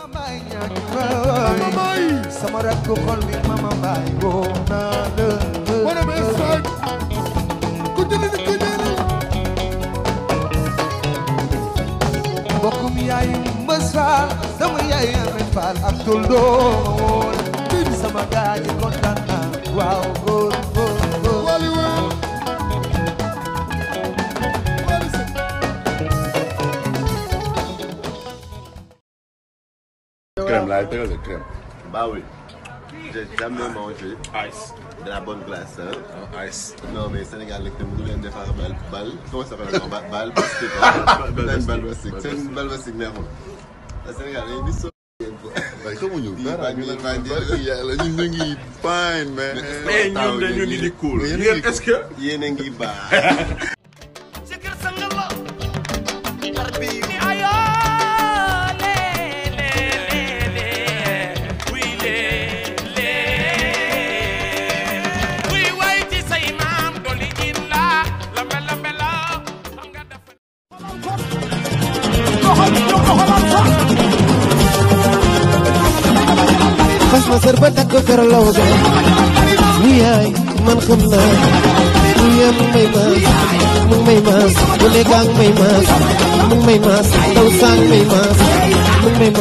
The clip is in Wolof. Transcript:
mama mbaay ñàkk fay sama rakk xol bi mama mbaay woo naa la wala ma saaj ku jëli ni ku jëli mbokkum yaay mbës faal sama yaay amee faal ak tol dooma woon sama gaay kontaan naa waaw crème là, il de crème. Bah oui. J'ai jamais mangé. Ice. De la bonne glace. Hein? Oh, ice. Non, mais Sénégal, les crèmes, vous voulez faire balle. balle. Comment ça s'appelle encore Balle plastique. Balle plastique. C'est une balle plastique, mais bon. Sénégal, il est waaye xamuñu dara ñu leen bàyyi barki yàlla ñun ñu ngi fine mais. mais ñun de ñu ngi di cool. yéen est-ce que yéen a ngi baax. fas ma sër ba takk kër law man xam naa mu yem mu may bu nekk ak may mu may maas daw sang mu may